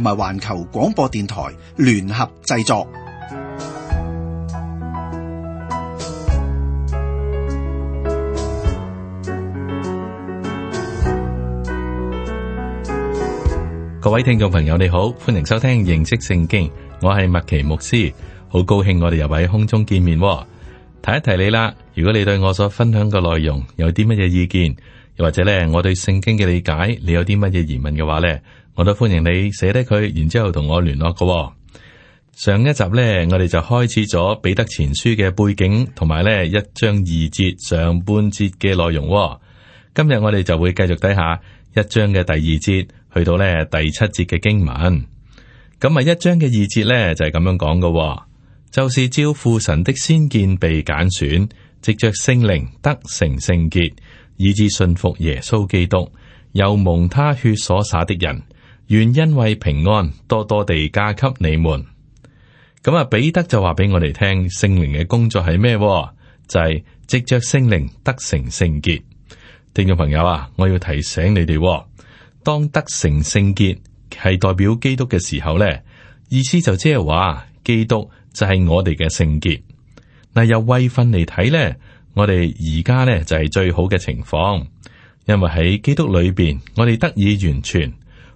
同埋環球廣播電台聯合製作。各位聽眾朋友，你好，歡迎收聽認識聖經，我係麥奇牧師，好高興我哋又喺空中見面。提一提你啦，如果你對我所分享嘅內容有啲乜嘢意見，或者咧，我對聖經嘅理解，你有啲乜嘢疑問嘅話呢？我都歡迎你寫低佢，然之後同我聯絡嘅。上一集呢，我哋就開始咗彼得前書嘅背景，同埋咧一章二節上半節嘅內容。今日我哋就會繼續睇下一章嘅第二節，去到咧第七節嘅經文。咁啊，一章嘅二節呢，就係咁樣講嘅，就是照父神的先見被揀選，藉着聖靈得成聖潔。以致信服耶穌基督，又蒙他血所灑的人，願因為平安多多地加給你們。咁啊，彼得就話俾我哋聽，聖靈嘅工作係咩？就係、是、藉着聖靈得成聖潔。聽眾朋友啊，我要提醒你哋，當得成聖潔係代表基督嘅時候呢，意思就即係話，基督就係我哋嘅聖潔。嗱，由位份嚟睇呢，我哋而家呢就係最好嘅情況，因為喺基督裏邊，我哋得以完全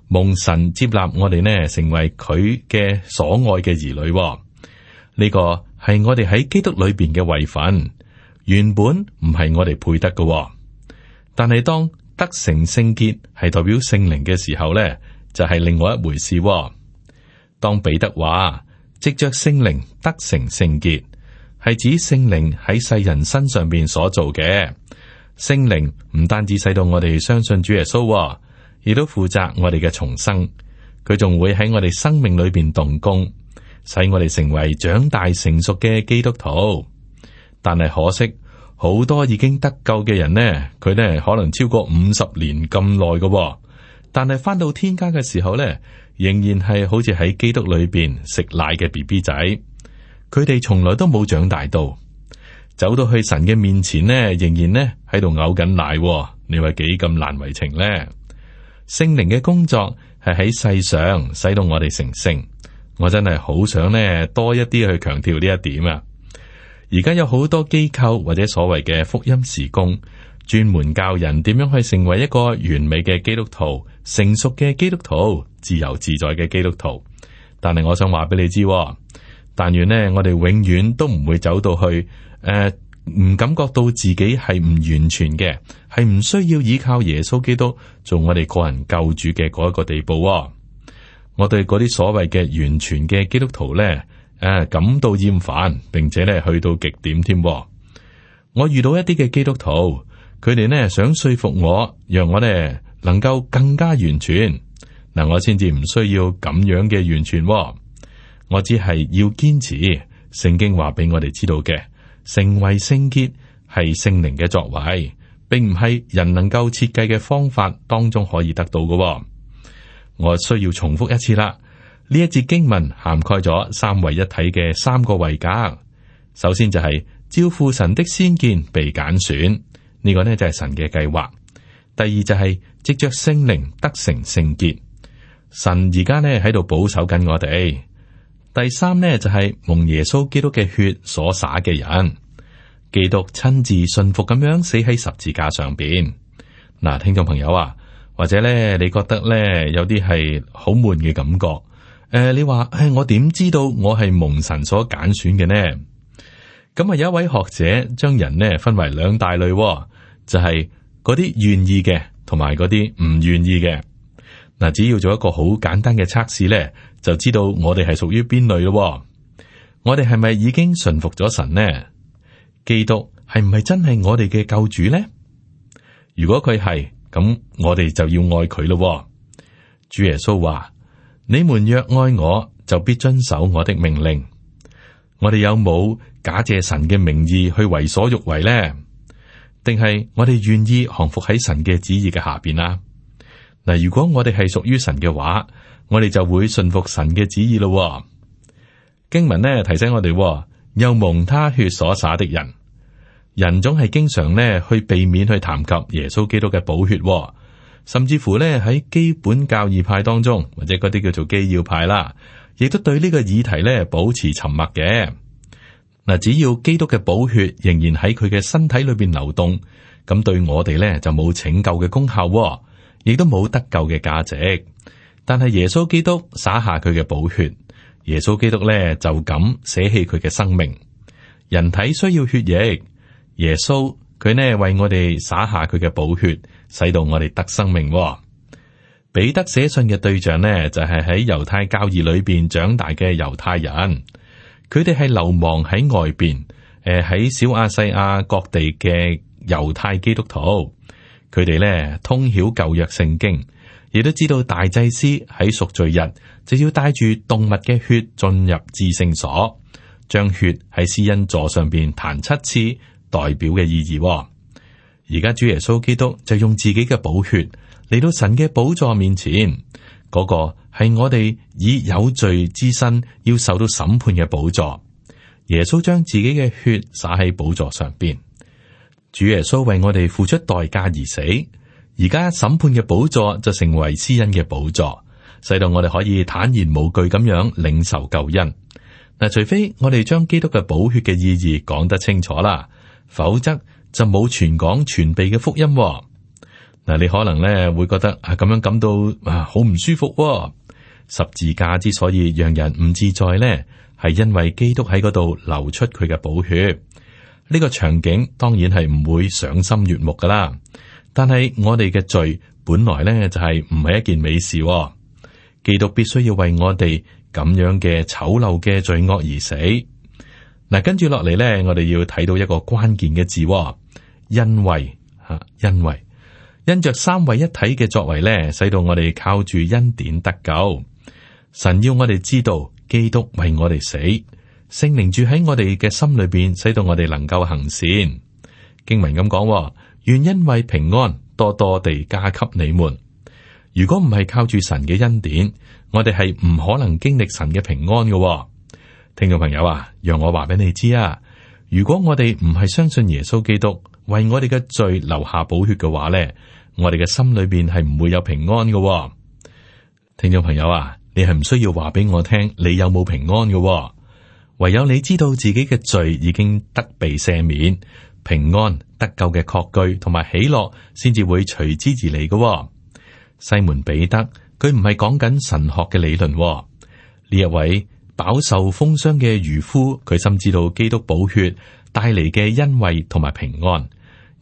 蒙神接納，我哋呢成為佢嘅所愛嘅兒女，哦。呢、這個係我哋喺基督裏邊嘅位份，原本唔係我哋配得嘅，哦。但係當得成聖潔係代表聖靈嘅時候呢，就係、是、另外一回事，哦。當彼得話藉着聖靈得成聖潔，係指聖靈喺世人身上面所做嘅聖靈唔單止使到我哋相信主耶穌喎，亦都負責我哋嘅重生。佢仲會喺我哋生命裏面動工，使我哋成為長大成熟嘅基督徒。但係可惜，好多已經得救嘅人呢，佢呢可能超過五十年咁耐嘅，但係返到天家嘅時候呢，仍然係好似喺基督裏面食奶嘅 B B 仔。佢哋從來都冇長大到，走到去神嘅面前呢，仍然呢喺度嘔緊奶啊。你話幾咁難為情呢？聖靈嘅工作係喺世上使到我哋成聖，我真係好想呢多一啲去強調呢一點啊！而家有好多機構或者所謂嘅福音事工，專門教人點樣去成為一個完美嘅基督徒、成熟嘅基督徒、自由自在嘅基督徒。但係我想話俾你知。但願呢，我哋永遠都唔會走到去，誒、呃，唔感覺到自己係唔完全嘅，係唔需要依靠耶穌基督做我哋個人救主嘅嗰一個地步。我對嗰啲所謂嘅完全嘅基督徒呢，誒、呃、感到厭煩，並且呢去到極點添。我遇到一啲嘅基督徒，佢哋呢想說服我，讓我呢能夠更加完全，嗱、呃、我先至唔需要咁樣嘅完全。我只係要堅持聖經話俾我哋知道嘅，成為聖潔係聖靈嘅作為，並唔係人能夠設計嘅方法當中可以得到嘅，哦。我需要重複一次啦，呢一節經文涵蓋咗三位一體嘅三個位格。首先就係照父神的先見被揀選，呢，呢個呢就係神嘅計劃。第二就係藉着聖靈得成聖潔，神而家呢喺度保守緊我哋。第三咧就係蒙耶穌基督嘅血所灑嘅人，基督親自順服咁樣死喺十字架上邊。嗱，聽眾朋友啊，或者咧你覺得咧有啲係好悶嘅感覺？誒、呃，你話誒、哎，我點知道我係蒙神所揀選嘅呢？咁啊，有一位學者將人呢，分為兩大類，就係嗰啲願意嘅，同埋嗰啲唔願意嘅。嗱，只要做一個好簡單嘅測試咧。就知道我哋係屬於邊類咯。我哋係咪已經順服咗神呢？基督係唔係真係我哋嘅救主呢？如果佢係，咁我哋就要愛佢咯。主耶穌話：「你們若愛我，就必遵守我的命令。我哋有冇假借神嘅名義去為所欲為呢？定係我哋願意降服喺神嘅旨意嘅下邊啊？」嗱，如果我哋係屬於神嘅話，我哋就會順服神嘅旨意咯、哦。經文呢提醒我哋，又蒙他血所灑的人，人總係經常呢去避免去談及耶穌基督嘅寶血、哦，甚至乎呢喺基本教義派當中或者嗰啲叫做基要派啦，亦都對呢個議題呢保持沉默嘅。嗱，只要基督嘅寶血仍然喺佢嘅身體裏邊流動，咁對我哋呢就冇拯救嘅功效、哦。亦都冇得救嘅價值，但係耶穌基督灑下佢嘅寶血，耶穌基督咧就咁捨棄佢嘅生命。人體需要血液，耶穌佢咧為我哋灑下佢嘅寶血，使到我哋得生命哦。彼得寫信嘅對象咧就係喺猶太教義裏邊長大嘅猶太人，佢哋係流亡喺外邊，誒、呃、喺小亞細亞各地嘅猶太基督徒。佢哋咧通曉舊約聖經，亦都知道大祭司喺贖罪日就要帶住動物嘅血進入至聖所，將血喺施恩座上邊彈七次，代表嘅意義。而家主耶穌基督就用自己嘅寶血嚟到神嘅寶座面前，嗰個係我哋以有罪之身要受到審判嘅寶座。耶穌將自己嘅血灑喺寶座上邊。主耶穌為我哋付出代價而死，而家審判嘅寶座就成為施恩嘅寶座，使到我哋可以坦然無懼咁樣領受救恩。嗱，除非我哋將基督嘅寶血嘅意義講得清楚啦，否則就冇全港全備嘅福音。嗱，你可能咧會覺得啊，咁樣感到啊好唔舒服。十字架之所以讓人唔自在呢，係因為基督喺嗰度流出佢嘅寶血。呢個場景當然係唔會賞心悅目㗎喇。但係我哋嘅罪本來呢，就係唔係一件美事，基督必須要為我哋咁樣嘅醜陋嘅罪惡而死。嗱，跟住落嚟呢，我哋要睇到一個關鍵嘅字，因為吓，因為因着三位一體嘅作為呢，使到我哋靠住恩典得救。神要我哋知道，基督為我哋死。聖靈住喺我哋嘅心裏邊，使到我哋能夠行善。經文咁講，願恩惠、平安多多地加給你們。如果唔係靠住神嘅恩典，我哋係唔可能經歷神嘅平安嘅、哦。聽眾朋友啊，讓我話俾你知啊。如果我哋唔係相信耶穌基督為我哋嘅罪流下寶血嘅話呢，我哋嘅心裏邊係唔會有平安嘅、哦。聽眾朋友啊，你係唔需要話俾我聽你有冇平安嘅、哦。唯有你知道自己嘅罪已經得被赦免、平安得救嘅確據同埋喜樂，先至會隨之而嚟嘅、哦。西門彼得佢唔係講緊神學嘅理論、哦，呢一位飽受風霜嘅漁夫，佢深知道基督寶血帶嚟嘅恩惠同埋平安，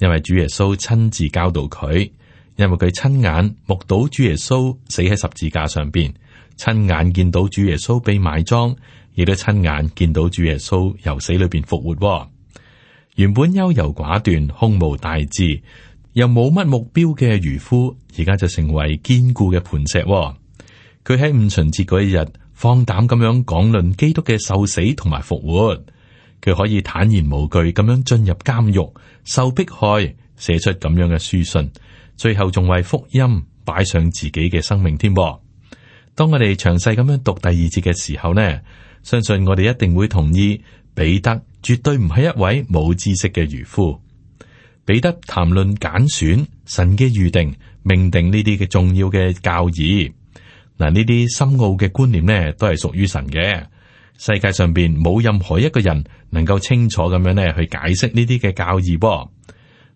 因為主耶穌親自教導佢，因為佢親眼目睹主耶穌死喺十字架上邊，親眼見到主耶穌被埋葬。亦都親眼見到主耶穌由死裏邊復活、哦。原本優柔寡斷、胸無大志又冇乜目標嘅漁夫，而家就成為堅固嘅磐石、哦。佢喺五旬節嗰一日放膽咁樣講論基督嘅受死同埋復活。佢可以坦然無懼咁樣進入監獄受迫害，寫出咁樣嘅書信，最後仲為福音擺上自己嘅生命添。噃，當我哋詳細咁樣讀第二節嘅時候呢，相信我哋一定會同意，彼得絕對唔係一位冇知識嘅漁夫。彼得談論揀選、神嘅預定、命定呢啲嘅重要嘅教義，嗱，呢啲深奧嘅觀念咧，都係屬於神嘅。世界上邊冇任何一個人能夠清楚咁樣咧去解釋呢啲嘅教義噃，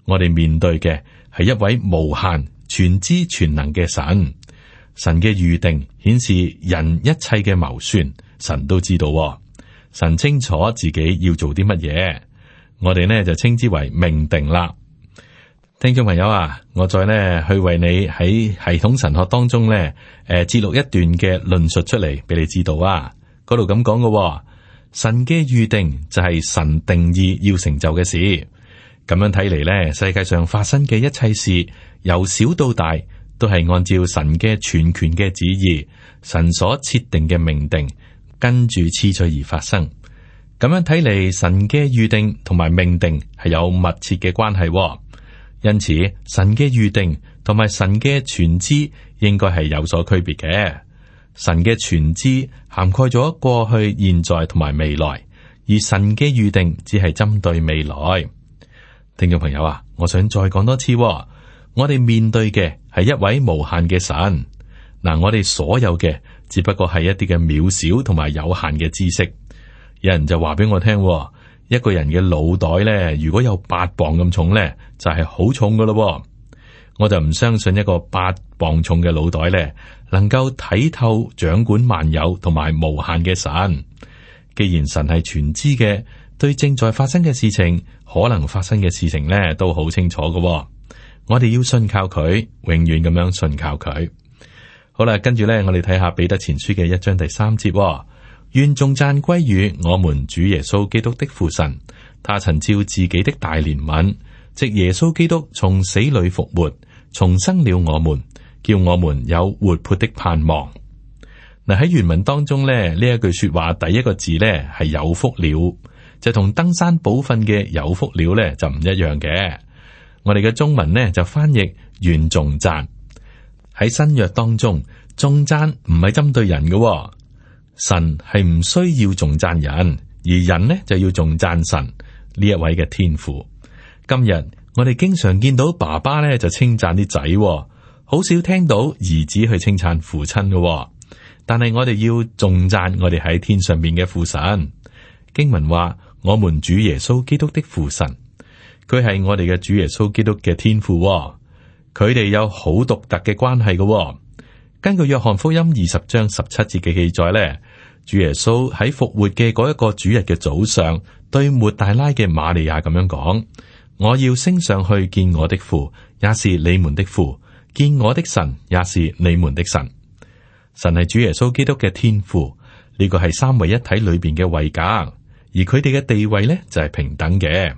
我哋面對嘅係一位無限全知全能嘅神，神嘅預定顯示人一切嘅謀算。神都知道、哦，神清楚自己要做啲乜嘢，我哋呢就稱之為命定啦。聽眾朋友啊，我再呢去為你喺系統神學當中呢誒，節錄一段嘅論述出嚟俾你知道啊。嗰度咁講嘅，神嘅預定就係神定義要成就嘅事。咁樣睇嚟呢，世界上發生嘅一切事，由小到大都係按照神嘅全權嘅旨意，神所設定嘅命定。跟住次序而發生，咁樣睇嚟，神嘅預定同埋命定係有密切嘅關係喎。因此，神嘅預定同埋神嘅全知應該係有所區別嘅。神嘅全知涵蓋咗過去、現在同埋未來，而神嘅預定只係針對未來。聽眾朋友啊，我想再講多次喎，我哋面對嘅係一位無限嘅神。嗱，我哋所有嘅。只不過係一啲嘅渺小同埋有限嘅知識，有人就話俾我聽，一個人嘅腦袋咧，如果有八磅咁重咧，就係好重噶咯。我就唔相信一個八磅重嘅腦袋咧，能夠睇透掌管萬有同埋無限嘅神。既然神係全知嘅，對正在發生嘅事情、可能發生嘅事情咧，都好清楚噶。我哋要信靠佢，永遠咁樣信靠佢。好啦，跟住呢，我哋睇下彼得前書嘅一章第三節、哦，願頌讚歸於我們主耶穌基督的父神，他曾照自己的大憐憫，藉耶穌基督從死裏復活，重生了我們，叫我們有活潑的盼望。嗱喺原文當中呢，呢一句說話第一個字呢係有福了，就同登山寶訓嘅有福了呢就唔一樣嘅。我哋嘅中文呢，就翻譯願頌讚。喺新約當中，重贊唔係針對人嘅。哦，神係唔需要重讚人，而人呢就要重讚神呢一位嘅天父。今日我哋經常見到爸爸呢就稱讚啲仔。哦，好少聽到兒子去稱讚父親嘅。哦。但係我哋要重讚我哋喺天上面嘅父神。經文話：我們主耶穌基督的父神，佢係我哋嘅主耶穌基督嘅天父。哦。佢哋有好獨特嘅關係嘅、哦。根據約翰福音二十章十七節嘅記載咧，主耶穌喺復活嘅嗰一個主日嘅早上，對抹大拉嘅瑪利亞咁樣講：我要升上去見我的父，也是你們的父；見我的神，也是你們的神。神係主耶穌基督嘅天父，呢個係三位一體裏邊嘅位格，而佢哋嘅地位呢就係平等嘅。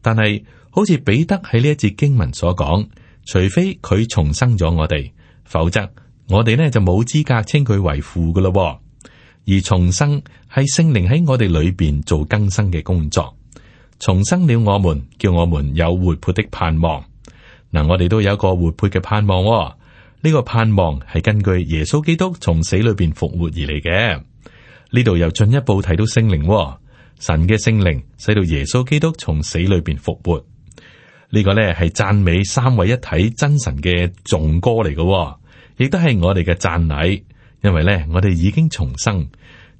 但係好似彼得喺呢一節經文所講。除非佢重生咗我哋，否則我哋呢就冇資格稱佢為父嘅咯。而重生係聖靈喺我哋裏邊做更新嘅工作，重生了我們，叫我們有活潑的盼望。嗱、啊，我哋都有一個活潑嘅盼望、哦，呢、這個盼望係根據耶穌基督從死裏邊復活而嚟嘅。呢度又進一步睇到聖靈、哦，神嘅聖靈使到耶穌基督從死裏邊復活。呢個呢係讚美三位一體真神嘅頌歌嚟噶、哦，亦都係我哋嘅讚禮。因為呢，我哋已經重生，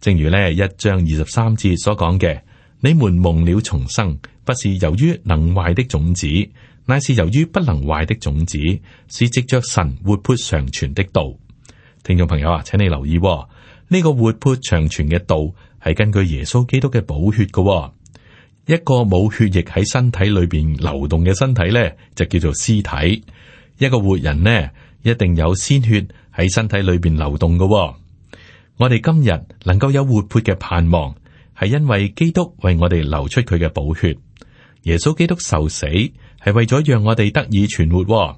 正如呢一章二十三節所講嘅：你們蒙了重生，不是由於能壞的種子，乃是由於不能壞的種子，是藉着神活潑常存的道。聽眾朋友啊，請你留意、哦，呢、這個活潑常存嘅道係根據耶穌基督嘅寶血噶、哦。一個冇血液喺身體裏邊流動嘅身體呢，就叫做屍體。一個活人呢，一定有鮮血喺身體裏邊流動噶喎。我哋今日能夠有活潑嘅盼望，係因為基督為我哋流出佢嘅寶血。耶穌基督受死，係為咗讓我哋得以存活喎，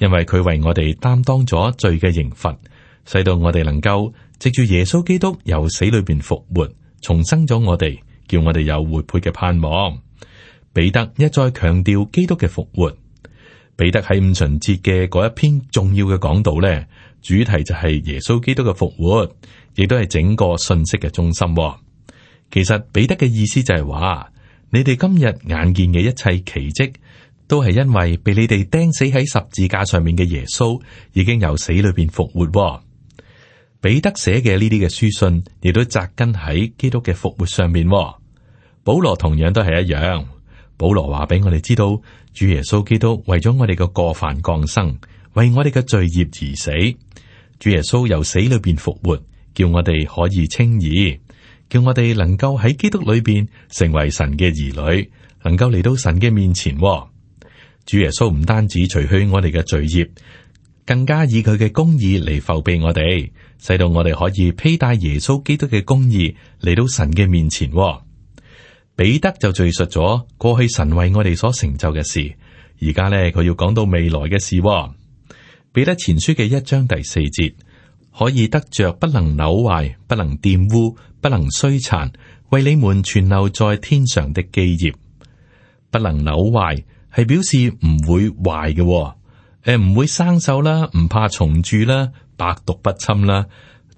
因為佢為我哋擔當咗罪嘅刑罰，使到我哋能夠藉住耶穌基督由死裏邊復活，重生咗我哋。叫我哋有活潑嘅盼望。彼得一再強調基督嘅復活。彼得喺五旬節嘅嗰一篇重要嘅講道咧，主題就係耶穌基督嘅復活，亦都係整個信息嘅中心。其實彼得嘅意思就係話，你哋今日眼見嘅一切奇蹟，都係因為被你哋釘死喺十字架上面嘅耶穌已經由死裏邊復活。彼得寫嘅呢啲嘅書信，亦都紮根喺基督嘅復活上面。保羅同樣都係一樣。保羅話俾我哋知道，主耶穌基督為咗我哋嘅過犯降生，為我哋嘅罪孽而死。主耶穌由死裏邊復活，叫我哋可以稱義，叫我哋能夠喺基督裏邊成為神嘅兒女，能夠嚟到神嘅面前。主耶穌唔單止除去我哋嘅罪孽，更加以佢嘅公義嚟覆庇我哋，使到我哋可以披戴耶穌基督嘅公義嚟到神嘅面前。彼得就敘述咗過去神為我哋所成就嘅事，而家咧佢要講到未來嘅事、哦。彼得前書嘅一章第四節，可以得着不能朽壞、不能玷污、不能衰殘，為你們存留在天上的基業。不能朽壞係表示唔會壞嘅、哦，誒、呃、唔會生鏽啦，唔怕蟲蛀啦，百毒不侵啦，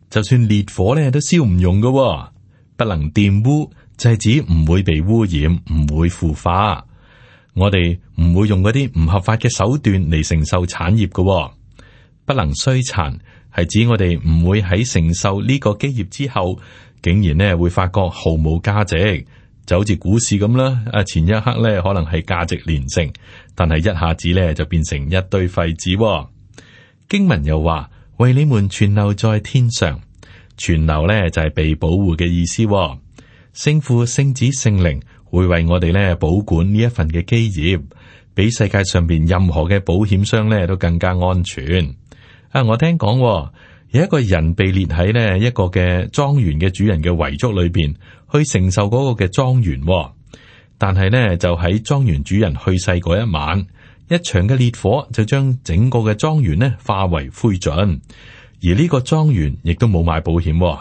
就算烈火咧都燒唔溶嘅，不能玷污。就係指唔會被污染，唔會腐化。我哋唔會用嗰啲唔合法嘅手段嚟承受產業嘅、哦，不能衰殘係指我哋唔會喺承受呢個基業之後，竟然呢會發覺毫無價值，就好似股市咁啦。啊，前一刻呢可能係價值連城，但係一下子呢就變成一堆廢紙、哦。經文又話為你們存留在天上，存留呢就係被保護嘅意思、哦。聖父、聖子、聖靈會為我哋咧保管呢一份嘅基業，比世界上邊任何嘅保險商咧都更加安全。啊，我聽講有一個人被列喺咧一個嘅莊園嘅主人嘅遺囑裏邊，去承受嗰個嘅莊園，哦。但係呢，就喺莊園主人去世嗰一晚，一場嘅烈火就將整個嘅莊園咧化為灰燼，而呢個莊園亦都冇買保險，哦，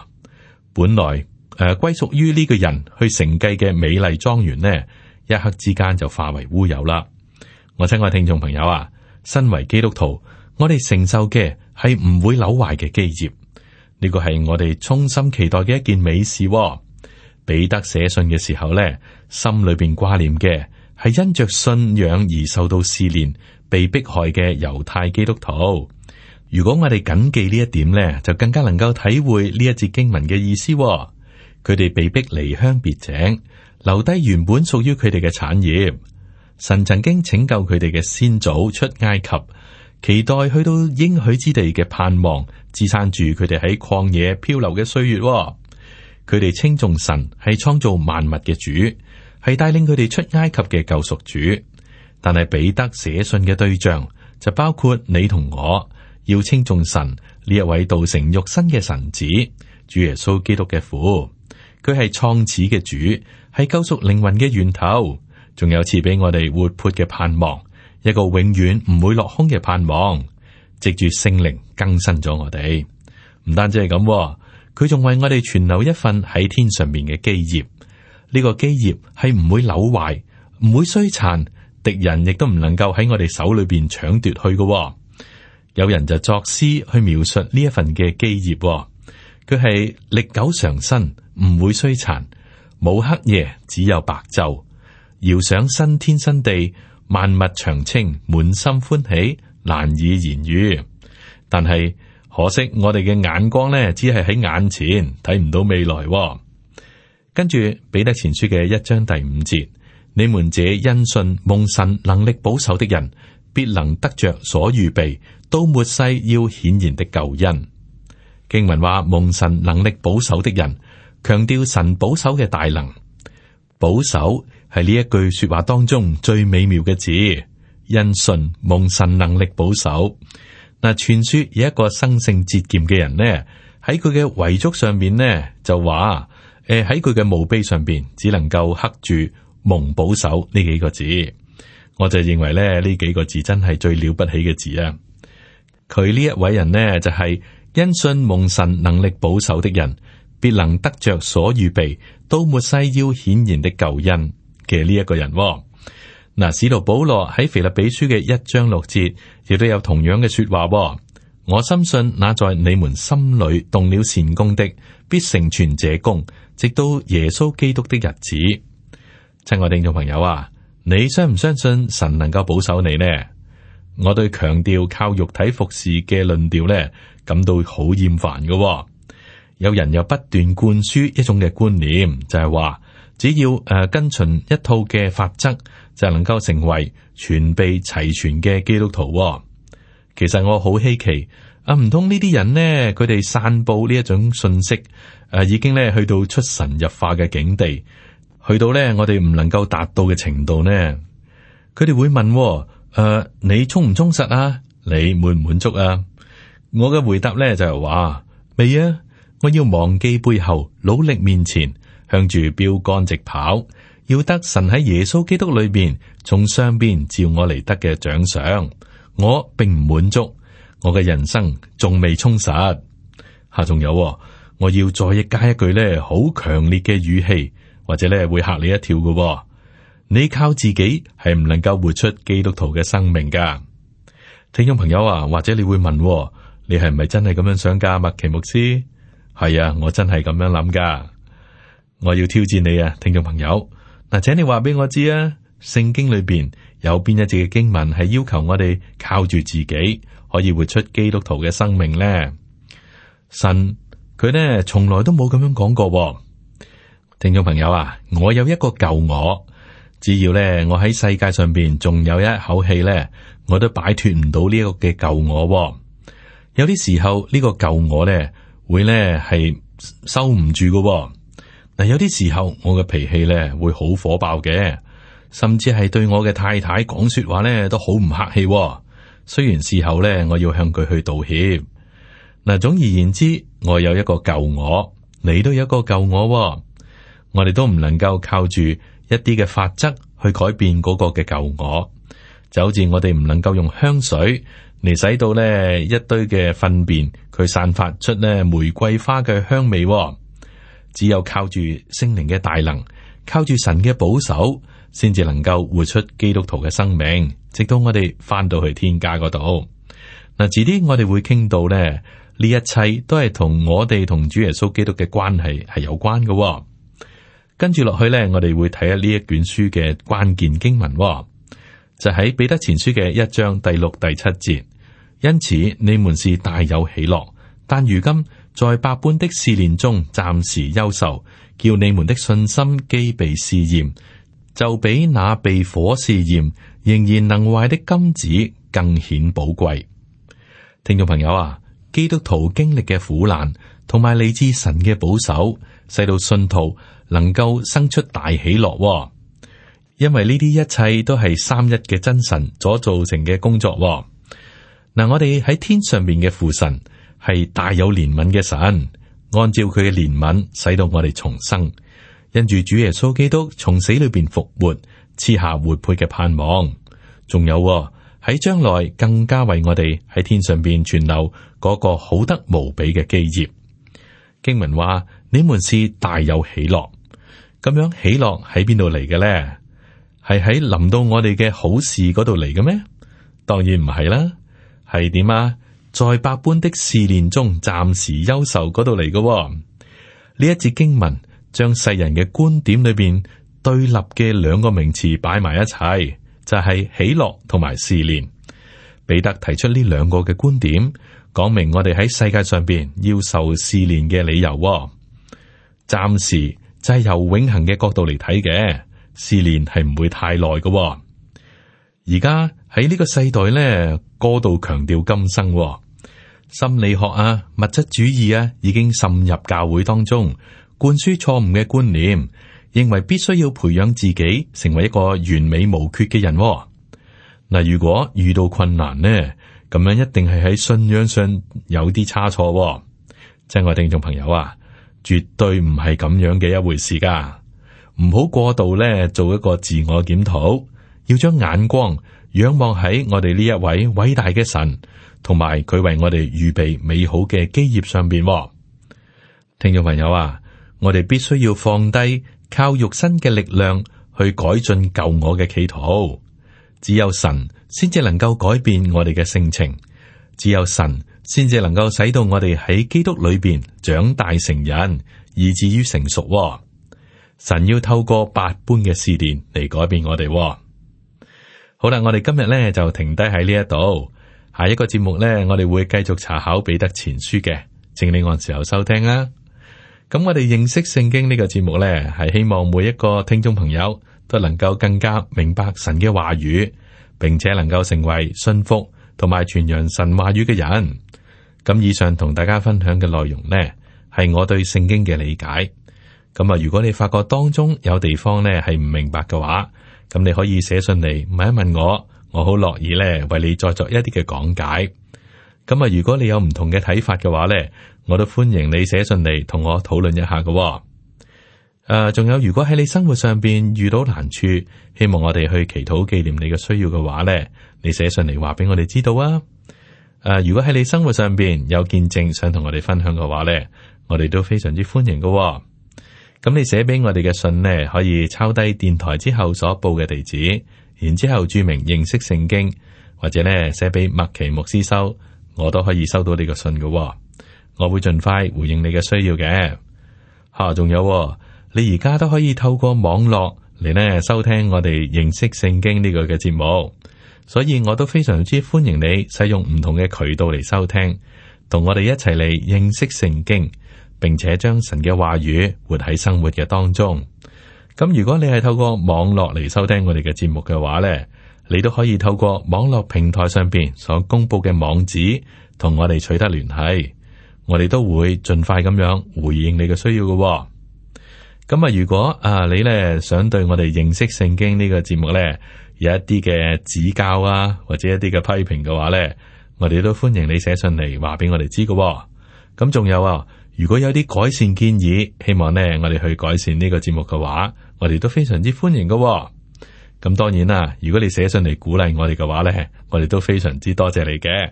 本來。誒，歸屬於呢個人去承繼嘅美麗莊園呢，一刻之間就化為烏有啦。我親愛聽眾朋友啊，身為基督徒，我哋承受嘅係唔會扭壞嘅基業，呢個係我哋衷心期待嘅一件美事。彼得寫信嘅時候呢，心裏邊掛念嘅係因着信仰而受到試煉、被迫害嘅猶太基督徒。如果我哋謹記呢一點呢，就更加能夠體會呢一節經文嘅意思。佢哋被迫離鄉別井，留低原本屬於佢哋嘅產業。神曾經拯救佢哋嘅先祖出埃及，期待去到應許之地嘅盼望，支撐住佢哋喺曠野漂流嘅歲月。佢哋稱重神係創造萬物嘅主，係帶領佢哋出埃及嘅救贖主。但係彼得寫信嘅對象就包括你同我，要稱重神呢一位道成肉身嘅神子，主耶穌基督嘅父。佢係創始嘅主，係救贖靈魂嘅源頭，仲有賜俾我哋活潑嘅盼望，一個永遠唔會落空嘅盼望，藉住聖靈更新咗我哋。唔單止係咁，佢仲為我哋存留一份喺天上面嘅基業。呢、這個基業係唔會扭壞，唔會衰殘，敵人亦都唔能夠喺我哋手裏邊搶奪去、哦。噶有人就作詩去描述呢一份嘅基業、哦，佢係歷久常新。唔會衰殘，冇黑夜，只有白晝。遙想新天新地，萬物長青，滿心歡喜，難以言語。但係可惜，我哋嘅眼光呢，只係喺眼前睇唔到未來。跟住彼得前書嘅一章第五節，「你們這因信蒙神能力保守的人，必能得着所預備到末世要顯現的救恩。」經文話蒙神能力保守的人。強調神保守嘅大能，保守係呢一句說話當中最美妙嘅字。因信蒙神能力保守。嗱，傳說有一個生性節儉嘅人咧，喺佢嘅遺囑上面咧就話：誒，喺佢嘅墓碑上邊只能夠刻住蒙保守呢幾個字。我就認為咧呢幾個字真係最了不起嘅字啊！佢呢一位人呢，就係因信蒙神能力保守的人。必能得着所預備、到末世要顯現的救恩嘅呢一個人、哦。嗱，使徒保羅喺腓立比書嘅一章六節，亦都有同樣嘅說話、哦。我深信那在你們心裏動了善工的，必成全這工，直到耶穌基督的日子。親愛聽眾朋友啊，你相唔相信神能夠保守你呢？我對強調靠肉體服侍嘅論調呢，感到好厭煩噶、哦。有人又不斷灌輸一種嘅觀念，就係、是、話只要誒、呃、跟循一套嘅法則，就能夠成為全備齊全嘅基督徒、哦。其實我好稀奇啊，唔通呢啲人呢，佢哋散布呢一種信息誒、啊，已經呢去到出神入化嘅境地，去到呢我哋唔能夠達到嘅程度呢？佢哋會問誒、哦呃，你充唔充實啊？你滿唔滿足啊？我嘅回答呢就係、是、話未啊。我要忘記背後，努力面前，向住標杆直跑，要得神喺耶穌基督裏邊，從上邊召我嚟得嘅獎賞。我並唔滿足，我嘅人生仲未充實。下仲有，我要再一加一句咧，好強烈嘅語氣，或者咧會嚇你一跳噶。你靠自己係唔能夠活出基督徒嘅生命噶。聽眾朋友啊，或者你會問，你係唔係真係咁樣想㗎？麥奇牧師？係啊，我真係咁樣諗噶。我要挑戰你啊，聽眾朋友嗱，請你話俾我知啊。聖經裏邊有邊一節嘅經文係要求我哋靠住自己可以活出基督徒嘅生命呢？神佢呢從來都冇咁樣講過。聽眾朋友啊，我有一個舊我，只要呢，我喺世界上邊仲有一口氣呢，我都擺脫唔到呢一個嘅舊我。有啲時候，呢個舊我呢。會呢係收唔住噶嗱，哦，有啲時候我嘅脾氣呢會好火爆嘅，甚至係對我嘅太太講說話呢都好唔客氣，哦。雖然事後呢我要向佢去道歉嗱，總而言之，我有一個舊我，你都有一個舊我，哦，我哋都唔能夠靠住一啲嘅法則去改變嗰個嘅舊我。就好似我哋唔能夠用香水嚟，洗到呢一堆嘅糞便，佢散發出呢玫瑰花嘅香味。只有靠住聖靈嘅大能，靠住神嘅保守，先至能夠活出基督徒嘅生命，直到我哋翻到去天界嗰度。嗱，遲啲我哋會傾到呢，呢一切都係同我哋同主耶穌基督嘅關係係有關嘅。跟住落去呢，我哋會睇下呢一卷書嘅關鍵經文。就喺彼得前書嘅一章第六第七節，因此你們是大有喜樂，但如今在百般的試煉中暫時憂愁，叫你們的信心既被試驗，就比那被火試驗仍然能壞的金子更顯寶貴。聽眾朋友啊，基督徒經歷嘅苦難同埋嚟自神嘅保守，使到信徒能夠生出大喜樂、哦。因為呢啲一切都係三一嘅真神所造成嘅工作、哦。嗱、啊，我哋喺天上面嘅父神係大有憐憫嘅神，按照佢嘅憐憫，使到我哋重生。因住主耶穌基督從死裏邊復活，賜下活潑嘅盼望。仲有喺、哦、將來更加為我哋喺天上邊存留嗰個好得無比嘅基業。經文話：你們是大有喜樂。咁樣喜樂喺邊度嚟嘅咧？係喺臨到我哋嘅好事嗰度嚟嘅咩？當然唔係啦，係點啊？在百般的試煉中暫、哦，暫時憂愁嗰度嚟嘅。呢一節經文將世人嘅觀點裏邊對立嘅兩個名詞擺埋一齊，就係、是、喜樂同埋試煉。彼得提出呢兩個嘅觀點，講明我哋喺世界上邊要受試煉嘅理由、哦。暫時就係、是、由永恒嘅角度嚟睇嘅。試練係唔會太耐嘅、哦，而家喺呢個世代呢，過度強調今生、哦，心理學啊、物質主義啊，已經滲入教會當中，灌輸錯誤嘅觀念，認為必須要培養自己成為一個完美無缺嘅人、哦。嗱，如果遇到困難呢，咁樣一定係喺信仰上有啲差錯、哦。真愛聽眾朋友啊，絕對唔係咁樣嘅一回事噶。唔好過度呢，做一個自我檢討，要將眼光仰望喺我哋呢一位偉大嘅神，同埋佢為我哋預備美好嘅基業上邊。聽眾朋友啊，我哋必須要放低靠肉身嘅力量去改進舊我嘅企圖，只有神先至能夠改變我哋嘅性情，只有神先至能夠使到我哋喺基督裏邊長大成人，以至於成熟。神要透過百般嘅試煉嚟改變我哋，哦。好啦，我哋今日咧，就停低喺呢一度。下一個節目呢，我哋會繼續查考彼得前書嘅，請你按時候收聽啦。咁我哋認識聖經呢個節目呢，係希望每一個聽眾朋友都能夠更加明白神嘅話語，並且能夠成為信服同埋傳揚神話語嘅人。咁以上同大家分享嘅內容呢，係我對聖經嘅理解。咁啊，如果你發覺當中有地方呢係唔明白嘅話，咁你可以寫信嚟問一問我，我好樂意呢為你再作，作一啲嘅講解。咁啊，如果你有唔同嘅睇法嘅話呢，我都歡迎你寫信嚟同我討論一下嘅。誒、呃，仲有，如果喺你生活上邊遇到難處，希望我哋去祈禱紀念你嘅需要嘅話呢，你寫信嚟話俾我哋知道啊。誒、呃，如果喺你生活上邊有見證想同我哋分享嘅話呢，我哋都非常之歡迎嘅。咁你寫俾我哋嘅信呢，可以抄低電台之後所報嘅地址，然之後注明認識聖經，或者呢寫俾麥奇牧師收，我都可以收到你個信嘅、哦。我會盡快回應你嘅需要嘅。吓、啊，仲有、哦、你而家都可以透過網絡嚟呢收聽我哋認識聖經呢、這個嘅節目，所以我都非常之歡迎你使用唔同嘅渠道嚟收聽，同我哋一齊嚟認識聖經。並且將神嘅話語活喺生活嘅當中。咁如果你係透過網絡嚟收聽我哋嘅節目嘅話呢，你都可以透過網絡平台上邊所公布嘅網址同我哋取得聯繫。我哋都會盡快咁樣回應你嘅需要嘅。咁啊，如果啊，你呢想對我哋認識聖經呢個節目呢，有一啲嘅指教啊，或者一啲嘅批評嘅話呢，我哋都歡迎你寫信嚟話俾我哋知嘅。咁仲有啊。如果有啲改善建議，希望咧我哋去改善呢個節目嘅話，我哋都非常之歡迎嘅，哦。咁當然啦，如果你寫信嚟鼓勵我哋嘅話咧，我哋都非常之多謝你嘅。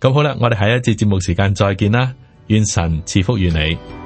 咁好啦，我哋下一節節、節目時間再見啦，願神賜福與你。